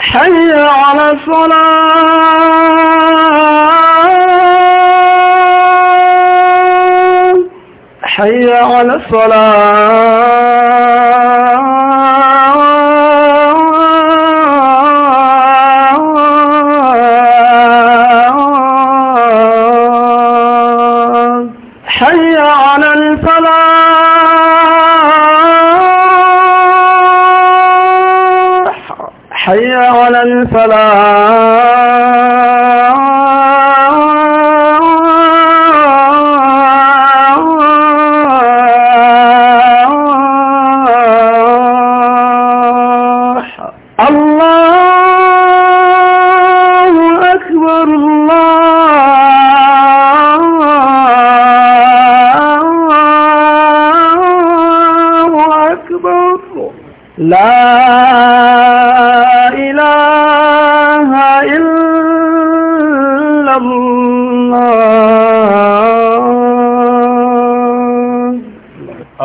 حي على الصلاة حي على الصلاة ولا الفلاح الله أكبر الله أكبر لا الله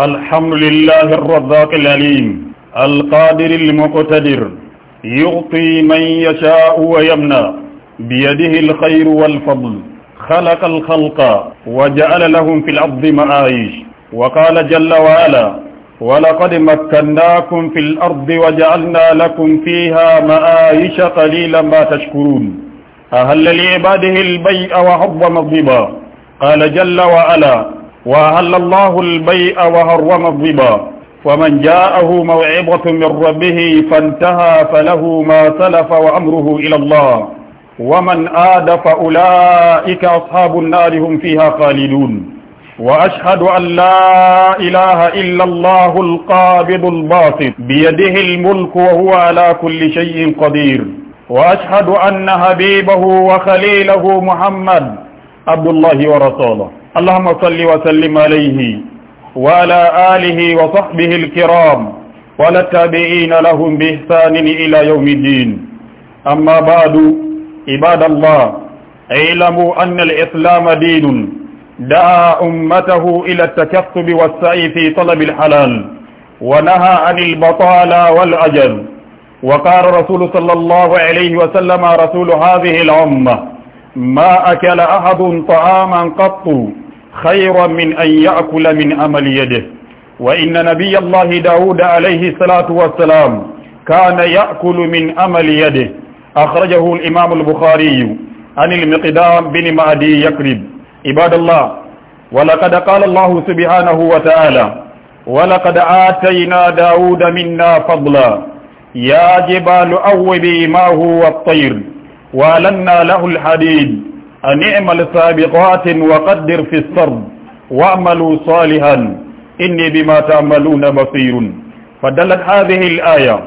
الحمد لله الرزاق العليم القادر المقتدر يعطي من يشاء ويمنع بيده الخير والفضل خلق الخلق وجعل لهم في الأرض معايش وقال جل وعلا ولقد مكناكم في الأرض وجعلنا لكم فيها معايش قليلا ما تشكرون أهل لعباده البيء وحرم الضبا قال جل وعلا وأهل الله البيء وحرم الضبا ومن جاءه موعظة من ربه فانتهى فله ما سلف وأمره إلى الله ومن آد فأولئك أصحاب النار هم فيها خالدون وأشهد أن لا إله إلا الله القابض الباسط بيده الملك وهو على كل شيء قدير وأشهد أن حبيبه وخليله محمد عبد الله ورسوله اللهم صل وسلم عليه وعلى آله وصحبه الكرام وعلى التابعين لهم بإحسان إلى يوم الدين أما بعد عباد الله اعلموا أن الإسلام دين دعا أمته إلى التكسب والسعي في طلب الحلال ونهى عن البطالة والعجز وقال رسول صلى الله عليه وسلم رسول هذه الأمة ما أكل أحد طعاما قط خيرا من أن يأكل من أمل يده وإن نبي الله داود عليه الصلاة والسلام كان يأكل من أمل يده أخرجه الإمام البخاري عن المقدام بن معدي يقرب عباد الله ولقد قال الله سبحانه وتعالى ولقد آتينا داود منا فضلا يا جبال أوبي هو والطير ولنا له الحديد أن اعمل سابقات وقدر في السرد واعملوا صالحا إني بما تعملون بصير فدلت هذه الآية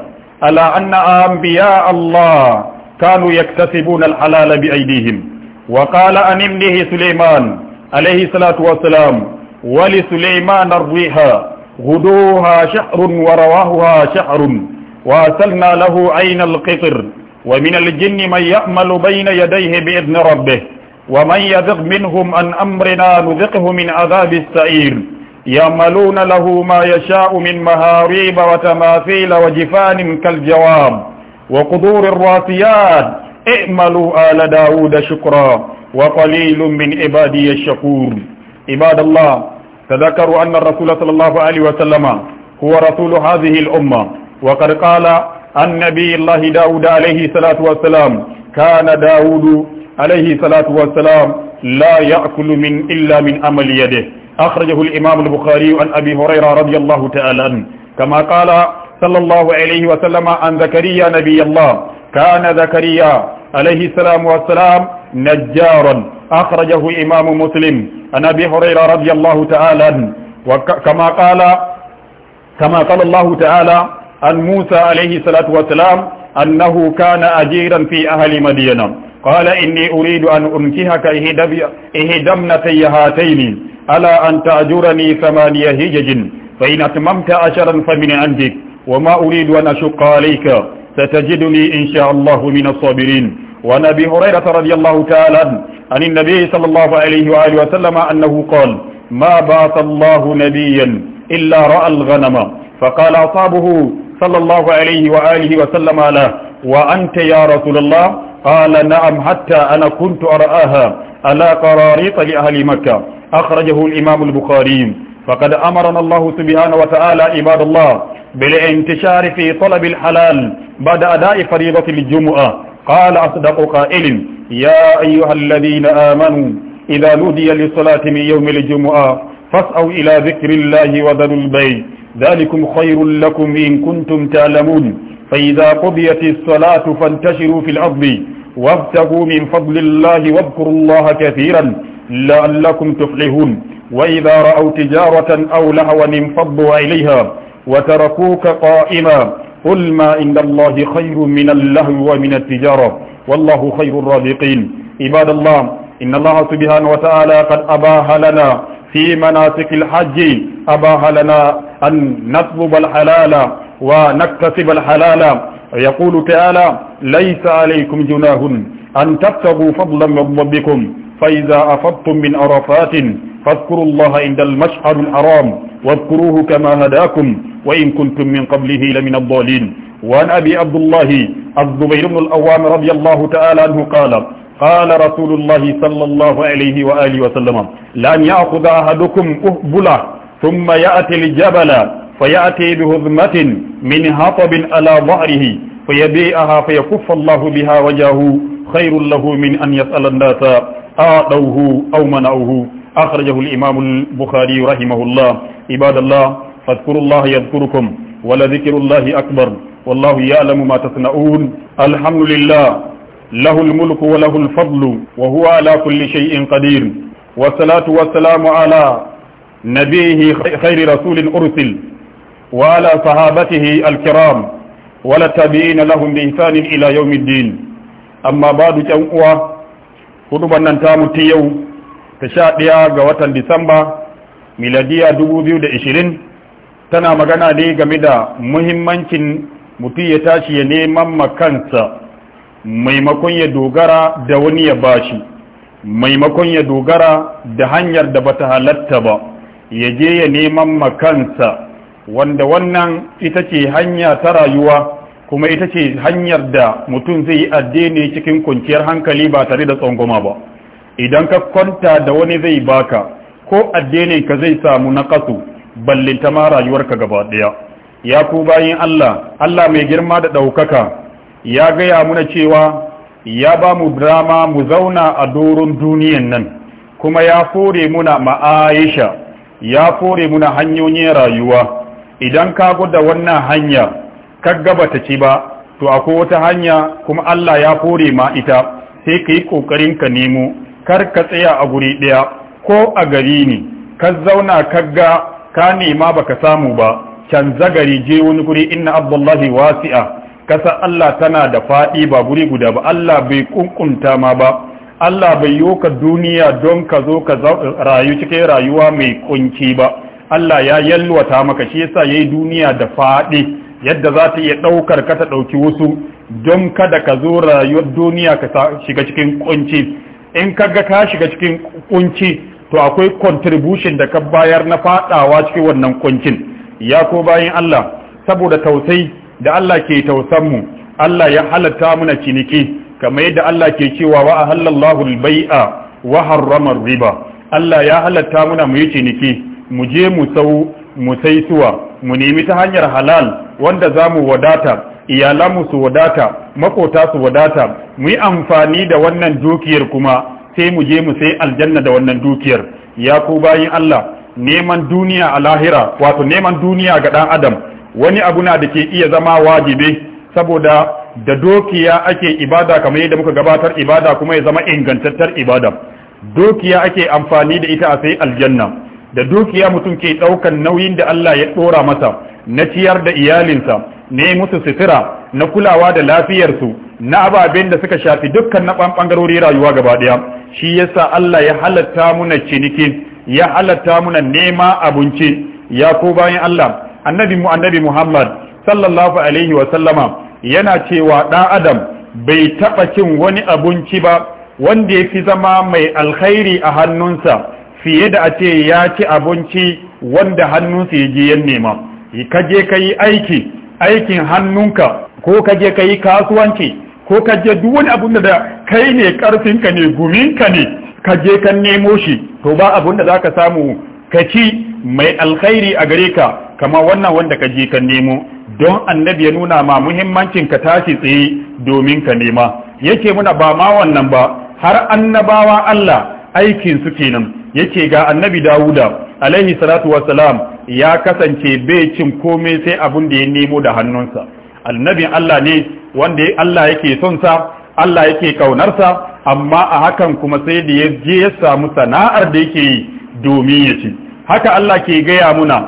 على أن أنبياء الله كانوا يكتسبون الحلال بأيديهم وقال أن ابنه سليمان عليه الصلاة والسلام ولسليمان الريح غدوها شحر ورواهها شحر وأسلنا له عين القطر ومن الجن من يعمل بين يديه بإذن ربه ومن يذق منهم عن أمرنا نذقه من عذاب السعير يعملون له ما يشاء من مهاريب وتماثيل وجفان كالجواب وقدور الراسيات اعملوا آل داود شكرا وقليل من عبادي الشكور عباد الله تذكروا أن الرسول صلى الله عليه وسلم هو رسول هذه الأمة وقد قال عن نبي الله داود عليه الصلاة والسلام كان داود عليه الصلاة والسلام لا يأكل من إلا من أمل يده أخرجه الإمام البخاري عن أبي هريرة رضي الله تعالى عنه كما قال صلى الله عليه وسلم عن زكريا نبي الله كان زكريا عليه السلام والسلام نجارا أخرجه إمام مسلم عن أبي هريرة رضي الله تعالى عنه وكما قال كما قال الله تعالى عن موسى عليه الصلاة والسلام أنه كان أجيرا في أهل مدينة قال إني أريد أن أنكهك إهدى ابنتي هاتين ألا أن تأجرني ثمانية هجج فإن أتممت عشرا فمن عندك وما أريد أن أشق عليك ستجدني إن شاء الله من الصابرين وعن أبي هريرة رضي الله تعالى عن النبي صلى الله عليه وآله وسلم أنه قال ما بعث الله نبيا إلا رأى الغنم فقال أصابه صلى الله عليه وآله وسلم على وأنت يا رسول الله قال نعم حتى أنا كنت أرآها ألا قراريط لأهل مكة أخرجه الإمام البخاري فقد أمرنا الله سبحانه وتعالى عباد الله بالانتشار في طلب الحلال بعد أداء فريضة الجمعة قال أصدق قائل يا أيها الذين آمنوا إذا نودي للصلاة من يوم الجمعة فاسعوا إلى ذكر الله وذلوا البيت ذلكم خير لكم إن كنتم تعلمون فإذا قضيت الصلاة فانتشروا في الأرض وابتغوا من فضل الله واذكروا الله كثيرا لعلكم تفلحون وإذا رأوا تجارة أو لهوا انفضوا إليها وتركوك قائما قل ما عند الله خير من اللهو ومن التجارة والله خير الرازقين عباد الله إن الله سبحانه وتعالى قد أباح لنا في مناسك الحج أباح لنا أن نطلب الحلال ونكتسب الحلال يقول تعالى ليس عليكم جناه أن تبتغوا فضلا من ربكم فإذا أفضتم من عرفات فاذكروا الله عند المشعر الحرام واذكروه كما هداكم وإن كنتم من قبله لمن الضالين وعن أبي عبد الله الزبير بن الأوام رضي الله تعالى عنه قال قال رسول الله صلى الله عليه وآله وسلم لأن يأخذ أحدكم أهبله ثم يأتي الجبل فيأتي بهذمة من هطب على ظهره فيبيعها فيكف الله بها وجهه خير له من أن يسأل الناس آتوه أو منعوه أخرجه الإمام البخاري رحمه الله عباد الله فاذكروا الله يذكركم ولذكر الله أكبر والله يعلم ما تصنعون الحمد لله له الملك وله الفضل وهو على كل شيء قدير والصلاة والسلام على نبيه خير رسول أرسل وعلى صحابته الكرام ولا تابعين لهم بإحسان إلى يوم الدين أما بعد جمعوا خطبا ننتام تيو تشاقيا قوة ديسمبر ميلادية 2020 tana magana ne game da muhimmancin mutum ya tashi ya neman makansa maimakon ya dogara da wani ya bashi maimakon ya dogara da hanyar da bata halatta ba ya je ya neman makansa wanda wannan ita ce hanya ta rayuwa kuma ita ce hanyar da mutum zai yi addini cikin kwanciyar hankali ba tare da tsangoma ba idan ka kwanta da wani zai baka ko addini ka zai samu na kasu ballinta ma rayuwarka gaba ɗaya ya ku bayin Allah Allah mai girma da ɗaukaka ya gaya muna cewa ya ba mu dama mu zauna a doron duniyan nan kuma ya fore muna ma'aisha ya kore muna hanyoyin rayuwa idan ka gwada wannan hanya ka ta ci ba to akwai wata hanya kuma Allah ya kore ma ita sai ka yi kokarin ka nemo kar ka tsaya a guri ɗaya ko a gari ne ka zauna ka ga ka nema baka samu ba canza gari je wani guri inna abdullahi wasi'a kasa Allah tana da faɗi ba guri guda ba Allah bai kunkunta ma ba Allah bai yi ka duniya don ka zo ka rayu cikin rayuwa mai kunci ba Allah ya yalwata maka shi yasa yayi duniya da faɗi yadda za ta iya ɗaukar ka ta ɗauki wasu don kada ka zo rayuwar duniya ka shiga cikin kunci in ka ga ka shiga cikin kunci to akwai contribution da ka bayar na faɗawa cikin wannan kuncin ya ko bayan Allah saboda tausai da Allah ke tausan mu Allah ya halatta mana ciniki kamar yadda Allah ke cewa wa ahallallahu al-bai'a wa harrama riba Allah ya halatta muna mu yi ciniki mu je mu sau mu saisuwa mu nemi ta hanyar halal wanda za mu wadata iyalanmu su wadata makota su wadata mu yi amfani da wannan dukiyar kuma sai mu je mu sai aljanna da wannan dukiyar ya ku bayin Allah neman duniya a lahira wato neman duniya ga dan adam wani abu na da ke iya zama wajibi saboda da dukiya ake ibada kamar yadda muka gabatar ibada kuma ya zama ingantattar ibada dukiya ake amfani da ita a sai aljanna da dukiya mutum ke ɗaukan nauyin da Allah ya ɗora masa na ciyar da iyalinsa ne musu sutura na kulawa da lafiyarsu na ababen da suka shafi dukkan na ɓangarori rayuwa gaba ɗaya shi yasa Allah ya halatta muna ciniki ya halatta muna nema abinci ya ko bayan Allah annabi mu annabi Muhammad sallallahu alaihi wa sallama yana cewa ɗan adam bai taɓa cin wani abinci ba wanda ya fi zama mai alkhairi a hannunsa fiye da a ce ya ci abinci wanda hannunsa ya je yan nema ka je ka yi aiki aikin hannunka ko ka je ka yi kasuwanci ko ka je duk wani abun da kai ne karfinka ne guminka ne ka je ka nemo shi to ba abun da za ka samu ka ci mai alkhairi a gare ka kama wannan wanda ka je ka nemo don annabi ya nuna ma muhimmancin ka tashi tsaye domin ka nema yake muna ba ma wannan ba har annabawa Allah aikin su kenan yake ga annabi Dawuda alaihi salatu wassalam ya kasance bai cin komai sai abin da ya nemo da hannunsa annabi Allah ne wanda Allah yake son sa Allah yake kaunarsa amma a hakan kuma sai da ya je ya samu sana'ar da yake yi domin ya ci haka Allah ke gaya muna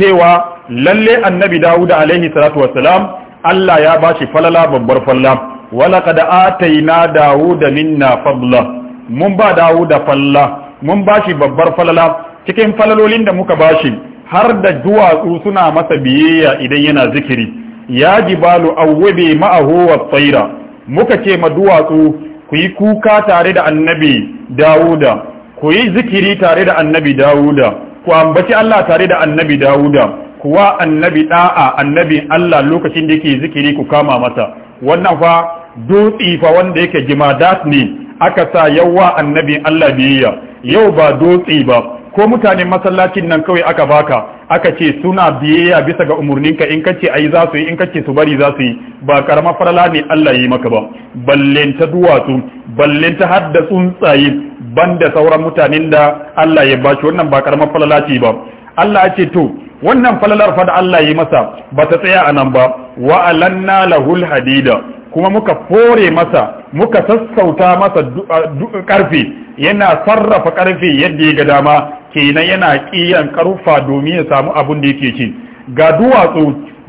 cewa lalle annabi dawud alaihi salatu wassalam Allah ya bashi falala babbar falla wala qad ataina dawud minna fadla mun ba dawud falla mun bashi babbar falala cikin falalolin da muka bashi har da duwatsu suna masa biyayya idan yana zikiri ya jibalu awwabi ma'ahu wat-tayra muka ce ma duwatsu ku yi kuka tare da annabi dawuda ku yi zikiri tare da annabi dawuda ku ambaci Allah tare da annabi dawuda kuwa annabi da'a annabi Allah lokacin da yake zikiri ku kama masa wannan fa dutsi fa wanda yake jimadat ne aka sa yawa annabi Allah biyayya yau ba dutsi ba ko mutanen masallacin nan kawai aka baka aka ce suna biyayya bisa ga umarninka in kace ayi za su yi in kace su bari za su yi ba karama farala ne Allah yi maka ba ballen ta duwatsu ballen ta hadda tsuntsaye banda sauran mutanen da Allah ya bashi wannan ba karama farala ce ba Allah ya ce to wannan falalar fa da Allah yi masa ba ta tsaya a nan ba wa alanna lahul hadida kuma muka fore masa muka sassauta masa karfi yana sarrafa ƙarfe yadda ya ga dama kenan yana kiyan karfa domin ya samu abin da yake ci ga duwatsu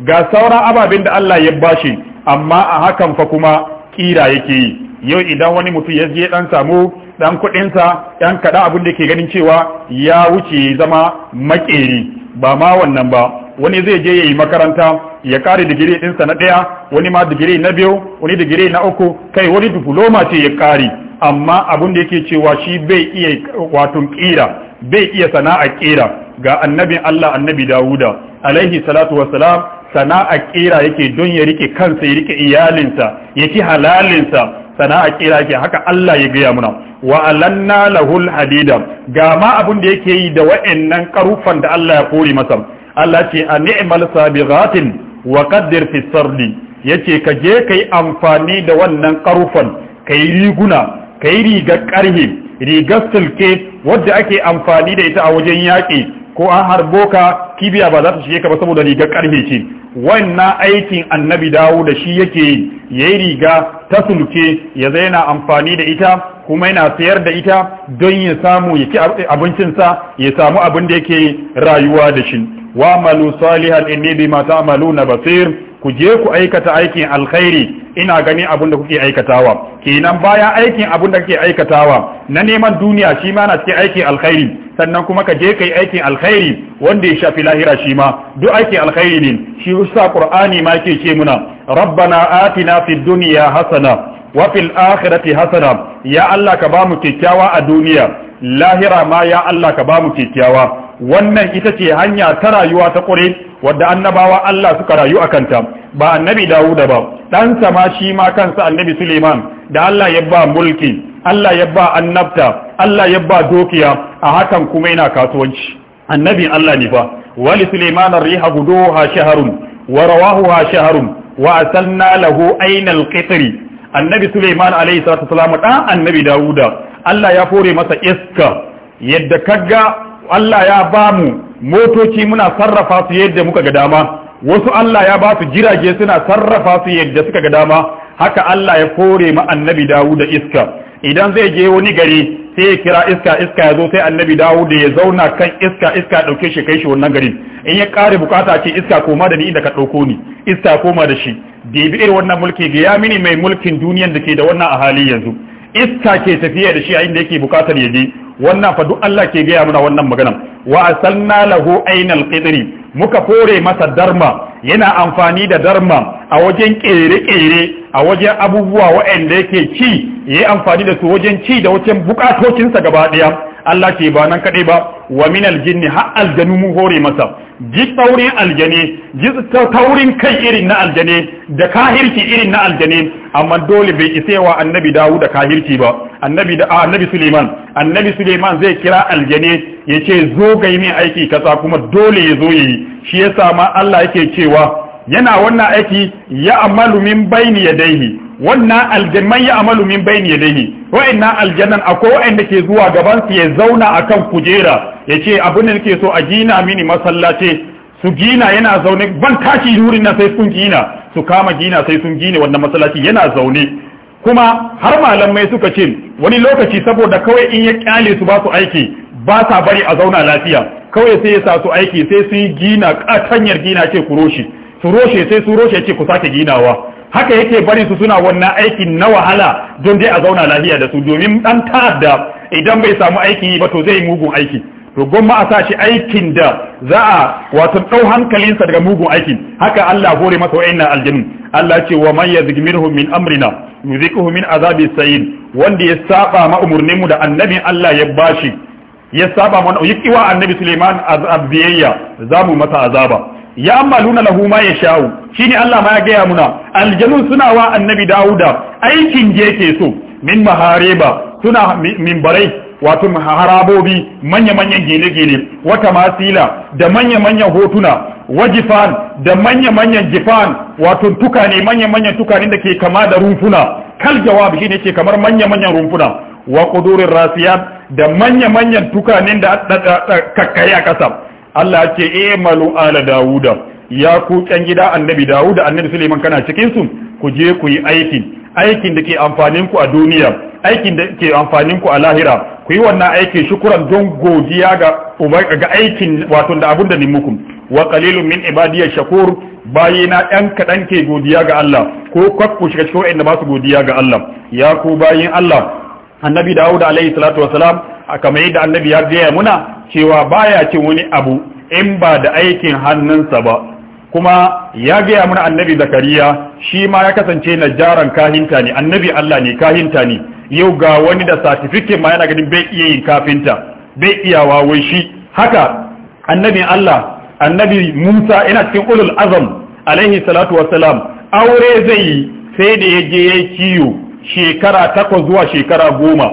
ga sauran ababen da Allah ya bashi amma a hakan fa kuma kira yake yi yau idan wani mutum ya je dan samu dan kudinsa yan kada abin da ke ganin cewa ya wuce zama makeri ba ma wannan ba wani zai je ya yi makaranta ya kare digiri ɗinsa na ɗaya wani ma digiri na biyu wani digiri na uku kai wani diploma ce ya kare amma abin da yake cewa shi bai iya wato kira bai iya sana'a kira ga annabin Allah annabi Dawuda alaihi salatu wassalam sana'a kira yake don ya rike kansa ya rike iyalinsa ya ci halalinsa sana'a kira ke haka Allah ya gaya muna wa alanna lahul hadida ga ma abun da yake yi da wa'annan karufan da Allah ya kore masa Allah ce a ni'mal sabighatin wa qaddir fi sardi yace ka je kai amfani da wannan karufan kai riguna kai rigar karhe rigar silke wadda ake amfani da ita a wajen yaƙi ko an harbo ka kibiya ba za ta shige ka ba saboda rigar karfe ce wannan aikin annabi dawo da shi yake yi yayi riga ta sulke ya zai yana amfani da ita kuma yana sayar da ita don ya samu ya ci abincinsa ya samu abin da yake rayuwa da shi wa malu salihan inni bima ta'maluna basir ku je ku aikata aikin alkhairi ina gani abin da kuke aikatawa kenan bayan aikin abin da kuke aikatawa na neman duniya shi ma na cikin aikin alkhairi sannan kuma ka je ka yi aikin alkhairi wanda ya shafi lahira shi ma duk aikin alkhairi ne shi sa qur'ani ma ke ce muna rabbana atina fi dunya hasana wa fil akhirati hasana ya Allah ka bamu kyakkyawa a duniya lahira ma ya Allah ka bamu kyakkyawa. wannan ita ce hanya ta rayuwa ta ƙure wadda annabawa Allah suka rayu a kanta ba annabi Dawuda ba ɗansa ma shi ma kansa annabi Suleiman da Allah ya ba mulki Allah ya ba annabta Allah ya ba dokiya a hakan kuma yana kasuwanci annabi Allah ne ba. wali suleiman riha guduha shaharun wa rawahuha shaharun wa asalna lahu ainal qitri annabi suleiman alayhi salatu wasalam da annabi Dawuda, Allah ya fore masa iska yadda kaga Allah ya ba mu motoci muna sarrafa su yadda muka ga dama wasu Allah ya ba su jirage suna sarrafa su yadda suka ga dama haka Allah ya fore ma annabi Dawuda iska idan zai je wani gari sai ya kira iska iska ya zo sai annabi dawo da ya zauna kan iska iska ɗauke shi kai shi wannan garin in ya kare bukata ce iska koma da ni inda ka ɗauko ni iska koma da shi debi irin wannan mulki ga ya mini mai mulkin duniyan da ke da wannan a hali yanzu iska ke tafiya da shi a inda yake bukatar ya je wannan fa duk Allah ke gaya mana wannan magana wa asalna lahu ainal qidri muka fore masa darma yana amfani da darma a wajen kere-kere a wajen abubuwa waɗanda yake ci yi amfani da su wajen ci da wajen bukatocinsa gaba ɗaya Allah ce ba nan kadai ba wa min aljinni ha aljanu mu hore masa ji taurin aljane ji taurin kai irin na aljane da kahirci irin na aljane amma dole bai isa yawa annabi Dawud da kahirci ba annabi da ah, annabi Suleiman annabi Suleiman zai kira aljane ce zo ga min aiki kasa kuma dole ya zo ya yi shi yasa ma Allah yake cewa yana wannan aiki ya amalu min bayni yadaihi wannan aljannan ya amalu min ya yadayhi wa'annan aljannan akwai wa'anda ke zuwa gaban su ya zauna a kan kujera yace abin da nake so a gina mini masallaci su gina yana zaune ban tashi nurin na sai sun gina su kama gina sai sun gina wannan masallaci yana zaune kuma har malamai suka ce wani lokaci saboda kawai in ya kyale su ba su aiki ba sa bari a zauna lafiya kawai sai ya sa su aiki sai su yi gina katanyar gina ce ku roshe su roshe sai su roshe ce ku sake ginawa haka yake bari su suna wannan aikin na wahala don dai a zauna lafiya da su domin dan ta'adda idan bai samu aiki ba to zai mugun aiki to gwamma a sa shi aikin da za a wato ɗau hankalinsa daga mugun aikin haka Allah hore masa wa'annan aljinin Allah ce wa man yazgmirhu min amrina yuzikuhu min azabi sayyid wanda ya saba ma umurninmu da annabi Allah ya bashi ya saba mana yi wa annabi Suleiman azabiyayya zamu masa azaba ya luna lahu ma ya sha'u shine Allah ma ya gaya muna aljanun suna wa annabi Dawuda aikin je ke so min mahareba suna mimbarai wato harabobi manya-manyan gine-gine wata masila da manya-manyan hotuna wajifan da manya-manyan jifan wato tukane manya-manyan tukane da ke kama da rumfuna kal jawabi shine ne kamar manya-manyan rumfuna wa kudurin rasiyat da manya-manyan tukane da kakkaya a ƙasa Allah ce eh, malu ala dawuda ya ku kan gida annabi dawuda annabi suleiman kana cikin su ku je ku yi aikin aikin da ke amfanin ku a duniya aikin da ke amfanin ku a lahira ku yi wannan aiki shukuran don godiya ga ga aikin wato da abun da ni muku wa qalilun min ibadiy shakur bayina ɗan kaɗan ke godiya ga Allah ko kwakku shiga cikin waɗanda ba su godiya ga Allah ya ku bayin Allah annabi Dawud alaihi salatu wasalam kamar yadda annabi ya gaya muna cewa baya cin wani abu in ba da aikin hannunsa ba kuma ya gaya mana annabi zakariya shi ma ya kasance na jaran kahinta ne annabi Allah ne kahinta ne yau ga wani da satifikin ma yana ganin bai iya yin kafinta bai iya wawai shi haka annabi Allah annabi Musa yana cikin ulul azam alaihi salatu wassalam aure zai yi sai da ya je yayi kiyo shekara takwas zuwa shekara goma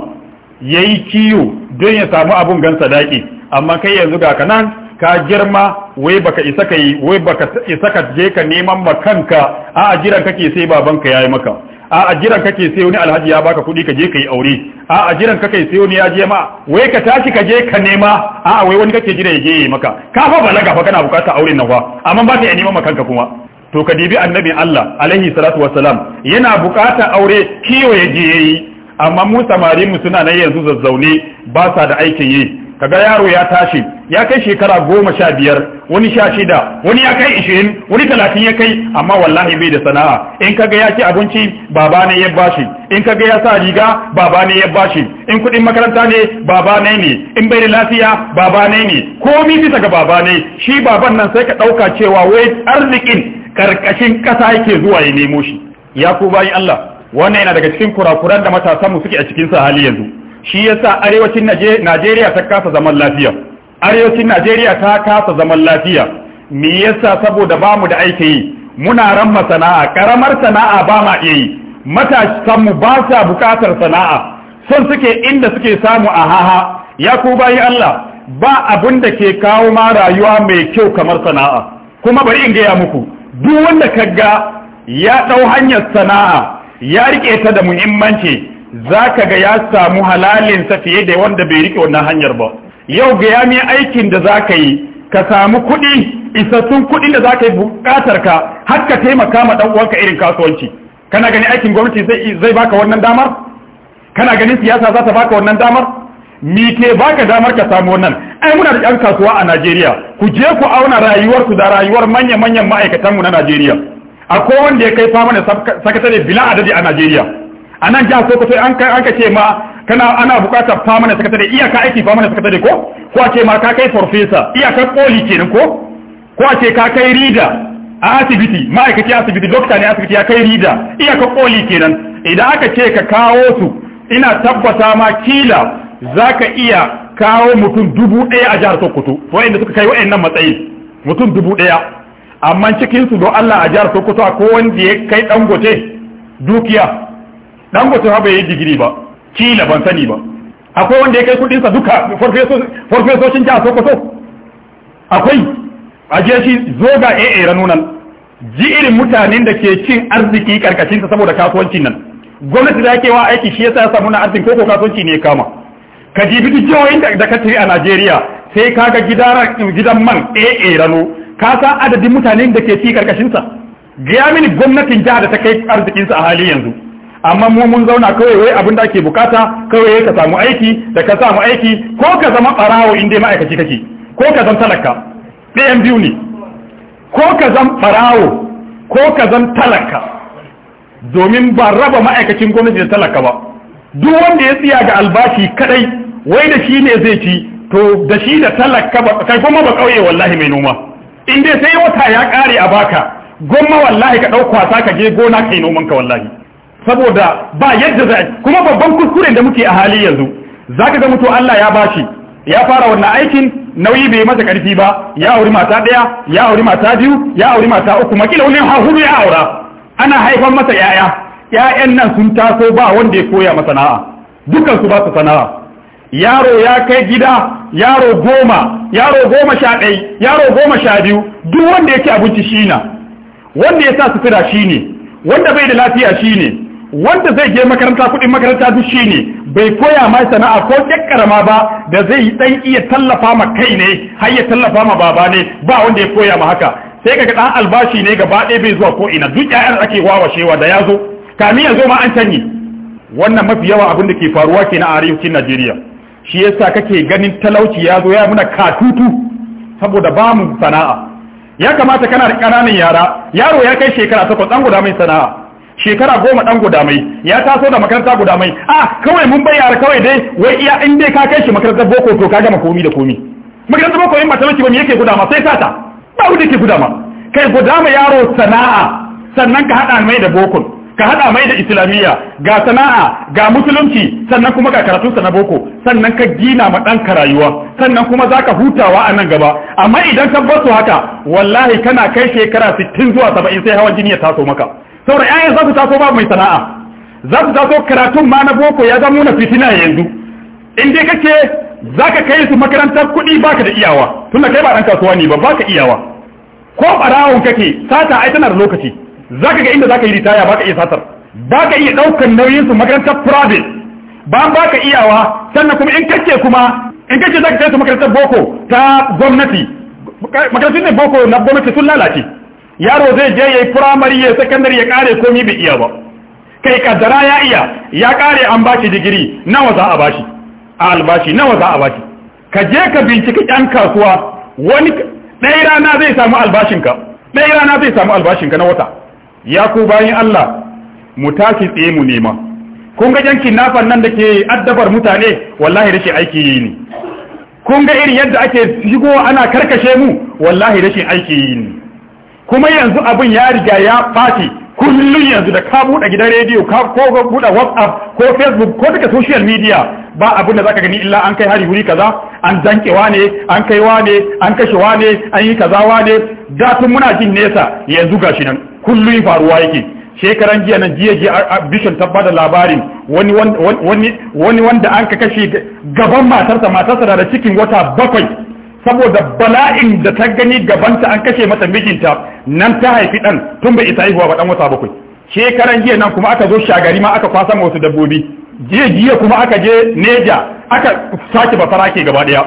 yayi kiyo don ya samu abun gan sadaki amma kai yanzu ga kanan ka girma wai baka isa ka yi wai baka isa ka je ka neman ma kanka a jiran kake sai baban ka yayi maka a jiran kake sai wani alhaji ya baka kuɗi ka je ka yi aure a jiran kake sai wani ya je ma wai ka tashi ka je ka nema a wai wani kake jira ya je yi maka ka fa balaga fa kana bukata auren nan fa amma ba ka neman ma kanka kuma to ka dibi annabi Allah alaihi salatu wassalam yana bukata aure kiyo ya je yi amma mu samari mu suna nan yanzu zazzaune ba sa da aikin yi kaga yaro ya tashi ya kai shekara goma sha biyar wani sha shida wani ya kai ishirin wani talatin ya kai amma wallahi bai da sana'a in kaga ya ci abinci baba ne ya bashi in kaga ya sa riga baba ne ya bashi in kuɗin makaranta ne baba ne ne in bai da lafiya baba ne ne komi bisa ga baba ne shi baban nan sai ka ɗauka cewa wai arzikin karkashin ƙasa yake zuwa ya nemo shi ya ku bayan Allah wannan yana daga cikin kurakuran da matasanmu suke a cikin sa hali yanzu shi yasa arewacin Najeriya ta kasa zaman lafiya arewacin Najeriya ta kasa zaman lafiya me yasa saboda bamu da aiki yi muna ramma sana'a karamar sana'a ba ma iya yi matasan mu ba sa buƙatar sana'a son suke inda suke samu a haha ya ku bayi Allah ba abin da ke kawo ma rayuwa mai kyau kamar sana'a kuma bari in gaya muku duk wanda kaga ya dau hanyar sana'a ya riƙe ta da muhimmanci za ka ga ya samu halalin sa fiye da wanda bai rike wannan hanyar ba yau ga ya mai aikin da za ka yi ka samu kuɗi isassun kuɗi da za ka yi bukatar ka har ka taimaka ma ɗan uwanka irin kasuwanci kana gani aikin gwamnati zai zai baka wannan damar kana ganin siyasa za ta baka wannan damar mi ke baka damar ka samu wannan ai muna da yan kasuwa a Najeriya ku je ku auna rayuwar ku da rayuwar manya-manyan ma'aikatan mu na Najeriya akwai wanda ya kai fama da sakatare bila adadi a Najeriya a nan jihar sokoto an ka ce ma kana ana bukatar permanent iya iyaka aiki permanent secretary ko ko a ce ma ka kai iya ka koli kenan ko ko a ce ka kai rida a asibiti ma'aikaci asibiti dokta ne asibiti ya kai iya ka koli kenan idan aka ce ka kawo su ina tabbata ma kila za ka iya kawo mutum dubu ɗaya a jihar sokoto wa'anda suka kai wa'annan matsayi mutum dubu ɗaya amma cikinsu don Allah a jihar sokoto a kowanne ya kai dangote dukiya dangote fa ba yi digiri ba kila ban sani ba akwai wanda ya kai kudin sa duka farfesoshin jiha sokoto akwai a je shi zo ga AA ranunan ji irin mutanen da ke cin arziki karkashin sa saboda kasuwancin nan gwamnati da yake wa aiki shi yasa ya samu na arzikin koko kasuwanci ne ya kama ka ji bi jihohin da ka tafi a Najeriya sai ka ga gidan man AA rano ka san adadin mutanen da ke ci karkashin sa ga mini gwamnatin jihar da ta kai arzikin sa a hali yanzu amma mu mun zauna kawai wai abin da ake bukata kawai ka samu aiki da ka samu aiki ko ka zama farawo in dai ma'aikaci kake ko ka zama talaka ɗayan biyu ne ko ka zama farawo ko ka zama talaka domin ba raba ma'aikacin gwamnati da talaka ba duk wanda ya tsiya ga albashi kadai wai da shi ne zai ci to da shi da talaka ba kai kuma ba kauye wallahi mai noma in dai sai wata ya kare a baka gwamma wallahi ka ɗau ta ka je gona kai noman ka wallahi saboda ba yadda za kuma babban kuskure da muke a hali yanzu zaka ga mutu Allah ya bashi ya fara wannan aikin nauyi bai masa karfi ba ya auri mata daya ya auri mata biyu ya auri mata uku makila wani hahuru ya aura ana haifan masa yaya yayan nan sun taso ba wanda ya koya masa sana'a dukan su ba su sana'a yaro ya kai gida yaro goma yaro goma sha ɗai yaro goma sha biyu duk wanda ya yake abinci shi na wanda ya sa sutura shi ne wanda bai da lafiya shi ne wanda zai je makaranta kuɗin makaranta duk shi ne bai koya ma sana'a ko karama ba da zai yi dan iya tallafa ma kai ne har ya tallafa ma baba ne ba wanda ya koya ma haka sai kaga dan albashi ne gaba ɗaya bai zuwa ko ina duk ƴaƴan ake wawashewa da yazo kamin ya zo ma an canyi wannan mafi yawa abin da ke faruwa ke na arewacin Najeriya shi yasa kake ganin talauci ya zo ya muna katutu saboda ba mu sana'a ya kamata kana da ƙananan yara yaro ya kai shekara takwas an guda mai sana'a shekara goma ɗan gudamai ya taso da makaranta gudamai a ah, kawai mun bayyana kawai dai wai iya in dai ka kai shi makarantar boko to ka gama komi da komi makarantar boko in ba talauci ba me yake gudama sai sata ba ke gudama kai gudama yaro sana'a sannan ka hada mai da bokon ka hada mai da islamiyya ga sana'a ga musulunci sannan kuma ga karatu sana boko sannan ka gina ma ka rayuwa sannan kuma zaka hutawa a nan gaba amma idan ka bar su haka wallahi kana kai shekara 60 zuwa saba'in sai hawan jini ya taso maka saboda ƴaƴan za su taso babu mai sana'a za su taso karatun ma na boko ya zama na fitina yanzu in dai kake ka kai su makarantar kuɗi ka da iyawa tun da kai ba dan kasuwa ne ba ka iyawa ko ɓarawon kake sata ai tana da lokaci ka ga inda za ka yi ritaya ba ka iya satar ba ka iya ɗaukar nauyin su makarantar private ba ka iyawa sannan kuma in kake kuma in za ka kai su makarantar boko ta gwamnati makarantar boko na gwamnati sun lalace yaro zai je ya yi firamari ya sakandare ya kare komi bai iya ba kai kaddara ya iya ya kare an bashi digiri nawa za a bashi a albashi nawa za a bashi ka je ka binciki yan kasuwa wani ɗaya rana zai samu albashinka ɗaya rana zai samu albashinka na wata ya ku bayan Allah mu tashi tsaye mu nema kun ga yankin nafan nan da ke addabar mutane wallahi rashin aiki yi ne kun ga irin yadda ake shigo ana karkashe mu wallahi rashin aiki yi ne kuma yanzu abin ya riga ya fati kullum yanzu da ka buɗe gidan rediyo ko buɗe whatsapp ko facebook ko duka social media ba abin da zaka gani illa an kai hari wuri kaza an dankewa ne an kai ne an kashewa ne an yi kaza ne da tun muna jin nesa yanzu gashi nan kullum faruwa yake shekaran jiya nan jiya jiya tabba da labarin wani wani wanda an ka kashe gaban matarsa matarsa da cikin wata bakwai saboda bala'in da ta gani gabanta an kashe mata mijinta nan ta haifi ɗan tun bai isa haihuwa ba ɗan wata bakwai shekaran jiya nan kuma aka zo shagari ma aka kwasa wasu dabbobi jiya jiya kuma aka je neja aka sake basara ke gaba ɗaya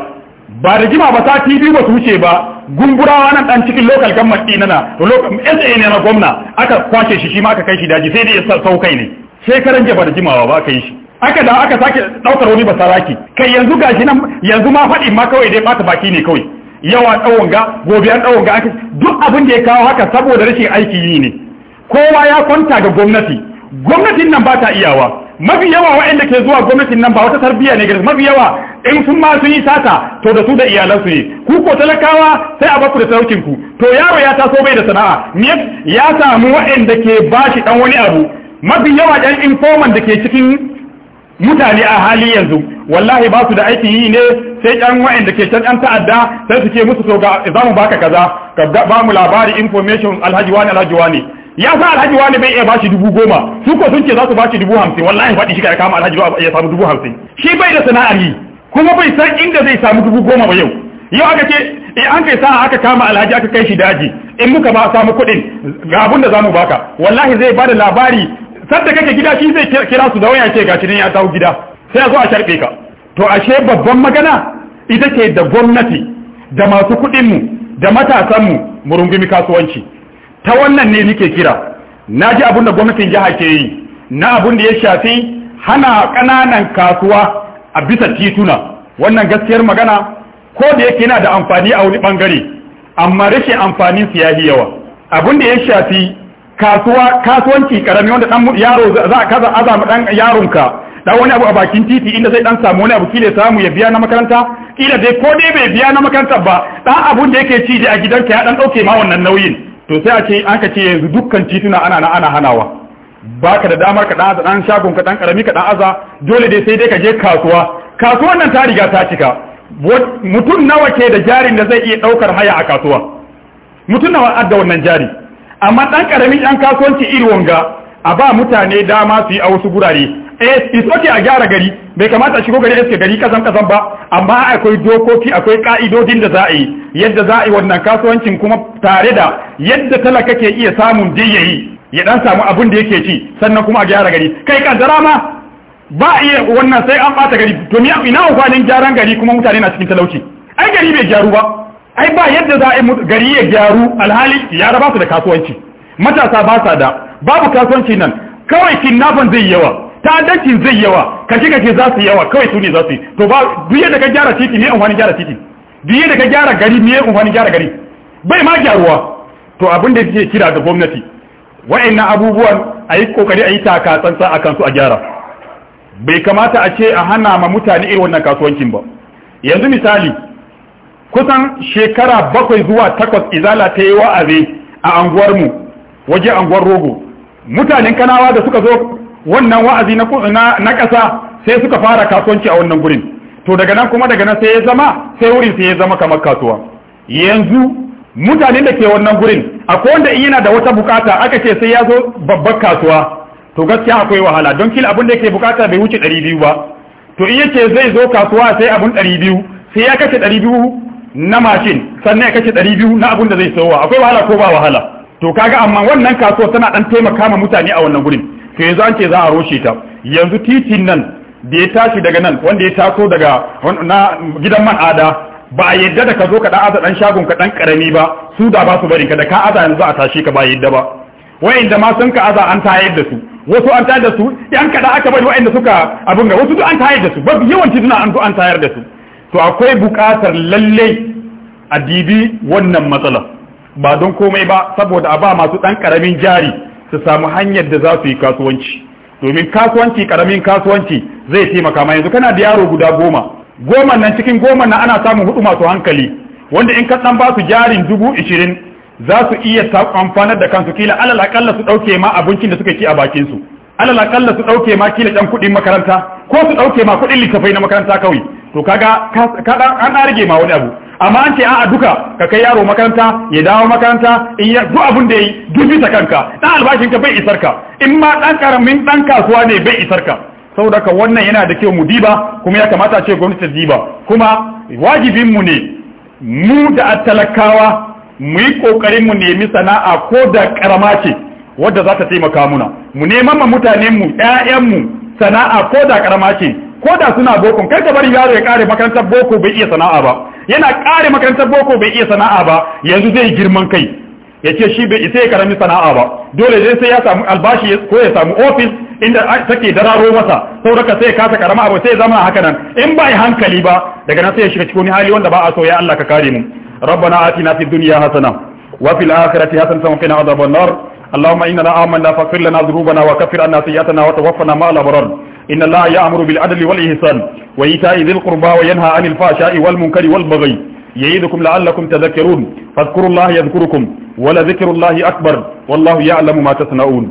ba da jima ba sati biyu ba su wuce ba gumburawa nan ɗan cikin lokal gamman ɗinana to lokal SA ne na gwamna aka kwashe shi shi ma aka kai shi daji sai dai ya saukai ne shekaran jiya ba da jimawa ba aka yi shi aka da aka sake daukar wani basaraki kai yanzu gashi nan yanzu ma faɗi ma kawai dai bata baki ne kawai yawa tsawon ga gobe an tsawon ga aka duk abin da ya kawo haka saboda rashin aiki yi ne kowa ya kwanta ga gwamnati gwamnatin nan ba ta iyawa mafi yawa wa'anda ke zuwa gwamnatin nan ba wata tarbiyya ne gari mafi yawa in sun ma sun yi sata to da su da iyalan su ne ku ko talakawa sai a baku da saukin ku to yaro ya taso bai da sana'a ya samu wa'anda ke bashi dan wani abu mafi yawa ɗan informant da ke cikin mutane a hali yanzu wallahi ba su da aikin yi ne sai ƴan wa'anda ke can ƴan ta'adda sai su ce musu to ga za mu baka kaza ka ba mu labari information alhaji wani alhaji wani ya sa alhaji wani bai iya bashi dubu goma su ko sun ce za su bashi dubu hamsin wallahi faɗi shi ka kama alhaji wani ya samu dubu hamsin shi bai da sana'ar yi kuma bai san inda zai samu dubu goma ba yau yau aka ce in eh, an kai sa'a aka kama alhaji aka kai shi daji in muka ba samu kuɗin ga abin da za mu baka wallahi zai ba da labari sadda kake gida shi zai kira su da waya ce gashi ne ya dawo gida sai a zo a sharbe ka to ashe babban magana ita ce da gwamnati da masu kuɗin mu da matasan mu mu rungumi kasuwanci ta wannan ne nake kira na ji abin da gwamnatin jiha ke yi na abin da ya shafi hana ƙananan kasuwa a bisa tituna wannan gaskiyar magana ko da yake yana da amfani a wani bangare amma rashin amfanin su ya yawa abin da ya shafi kasuwa kasuwanci karami wanda dan yaro za ka za azama dan yaronka dan wani abu a bakin titi inda zai dan samu wani abu kile samu ya biya na makaranta kila dai ko dai bai biya na makaranta ba dan abun da yake ci a gidanka ya dan dauke ma wannan nauyin to sai a ce ka ce yanzu dukkan tituna ana ana hanawa baka da damar ka dan dan shagon ka dan karami ka dan aza dole dai sai dai ka je kasuwa kasuwan nan ta riga ta cika mutum nawa ke da jarin da zai iya daukar haya a kasuwa mutum nawa adda wannan jari amma dan ƙaramin yan kasuwanci iri wanga a ba mutane dama su yi a wasu gurare eh it's okay a gyara gari bai kamata a shigo gari iske gari kasan kasan ba amma akwai dokoki akwai ka'idodin da za a yi yadda za a yi wannan kasuwancin kuma tare da yadda talaka ke iya samun yayi ya dan samu abin da yake ci sannan kuma a gyara gari kai kaddara ma ba iya wannan sai an bata gari domin ina amfanin gyaran gari kuma mutane na cikin talauci ai gari bai gyaru ba ai ba yadda za a gari ya gyaru alhali yara raba su da kasuwanci matasa ba sa da babu kasuwanci nan kawai kinnafan zai yawa ta'addancin zai yawa kashi kashi za su yawa kawai su ne za su yi to ba duye da ka gyara titi ne amfani gyara titi duye da ka gyara gari ne amfani gyara gari bai ma gyaruwa to abin da ke kira ga gwamnati wa'annan abubuwan a yi kokari a yi taka tsantsa a kansu a gyara bai kamata a ce a hana ma mutane irin wannan kasuwancin ba yanzu misali kusan shekara bakwai zuwa takwas izala ta yi wa'azi a anguwarmu waje anguwar rogo mutanen kanawa da suka zo wannan wa'azi na ƙasa sai suka fara kasuwanci a wannan gurin to daga nan kuma daga nan sai ya zama sai wurin sai ya zama kamar kasuwa yanzu mutanen da ke wannan gurin akwai wanda yana da wata bukata aka ce sai ya zo babbar kasuwa to gaskiya akwai wahala don kila abin da yake bukata bai wuce ɗari biyu ba to in yace zai zo kasuwa sai abin ɗari biyu sai ya kashe ɗari biyu na mashin sannan ya kashe ɗari biyu na abun da zai sauwa akwai wahala ko ba wahala to kaga amma wannan kasuwa tana ɗan taimaka ma mutane a wannan gurin to yanzu an ce za a roshe ta yanzu titin nan da ya tashi daga nan wanda ya taso daga na gidan man ada ba a yadda da ka zo ka ɗan aza ɗan shagon ka ɗan ƙarami ba su da ba su barin ka da ka aza yanzu a tashi ka ba yadda ba wayanda ma sun ka aza an tayar da su wasu an tayar da su yan kada aka bari wa'inda suka abin ga wasu duk an tayar da su ba yawanci suna an an tayar da su to akwai buƙatar lalle a dibi wannan matsala. ba don komai ba saboda a ba masu ɗan ƙaramin jari su samu hanyar da za su yi kasuwanci domin kasuwanci ƙaramin kasuwanci zai taimaka ma yanzu kana da yaro guda goma goma nan cikin goma nan ana samun hudu masu hankali wanda in ka ɗan ba su jarin dubu ishirin za su iya amfanar da kansu kila alal akalla su ɗauke ma abincin da suka ci a bakin su alal akalla su ɗauke ma kila ɗan kuɗin makaranta ko su ɗauke ma kuɗin littafai na makaranta kawai to kaga kada an rage ma wani abu amma an ce a duka ka kai yaro makaranta ya dawo makaranta in ya duk abun da yi duk bisa kanka dan albashin ka bai isar ka in ma dan karamin dan kasuwa ne bai isar ka saboda ka wannan yana da kyau mu diba kuma ya kamata ce gwamnati ta diba kuma wajibin mu ne mu da talakawa mu yi kokarin mu nemi sana'a ko da karama ce wadda za ta taimaka muna mu neman ma mutanen mu ƴaƴan mu sana'a ko da karama ce ko da suna boko kai ka bari yaro ya kare makarantar boko bai iya sana'a ba yana kare makarantar boko bai iya sana'a ba yanzu zai girman kai ya ce shi bai isa ya karami sana'a ba dole zai sai ya samu albashi ko ya samu ofis inda take dararo masa sauraka sai ya kasa karama abu sai ya zama haka nan in ba hankali ba daga nan sai ya shiga cikin hali wanda ba a so ya Allah ka kare mu rabbana atina fid dunya hasana wa fil akhirati hasanatan a qina adhaban a اللهم إننا آمنا فاغفر لنا ذنوبنا وكفر عنا سيئاتنا وتوفنا مع الأبرار إن الله يأمر بالعدل والإحسان وإيتاء ذي القربى وينهى عن الفحشاء والمنكر والبغي يعيدكم لعلكم تذكرون فاذكروا الله يذكركم ولذكر الله أكبر والله يعلم ما تصنعون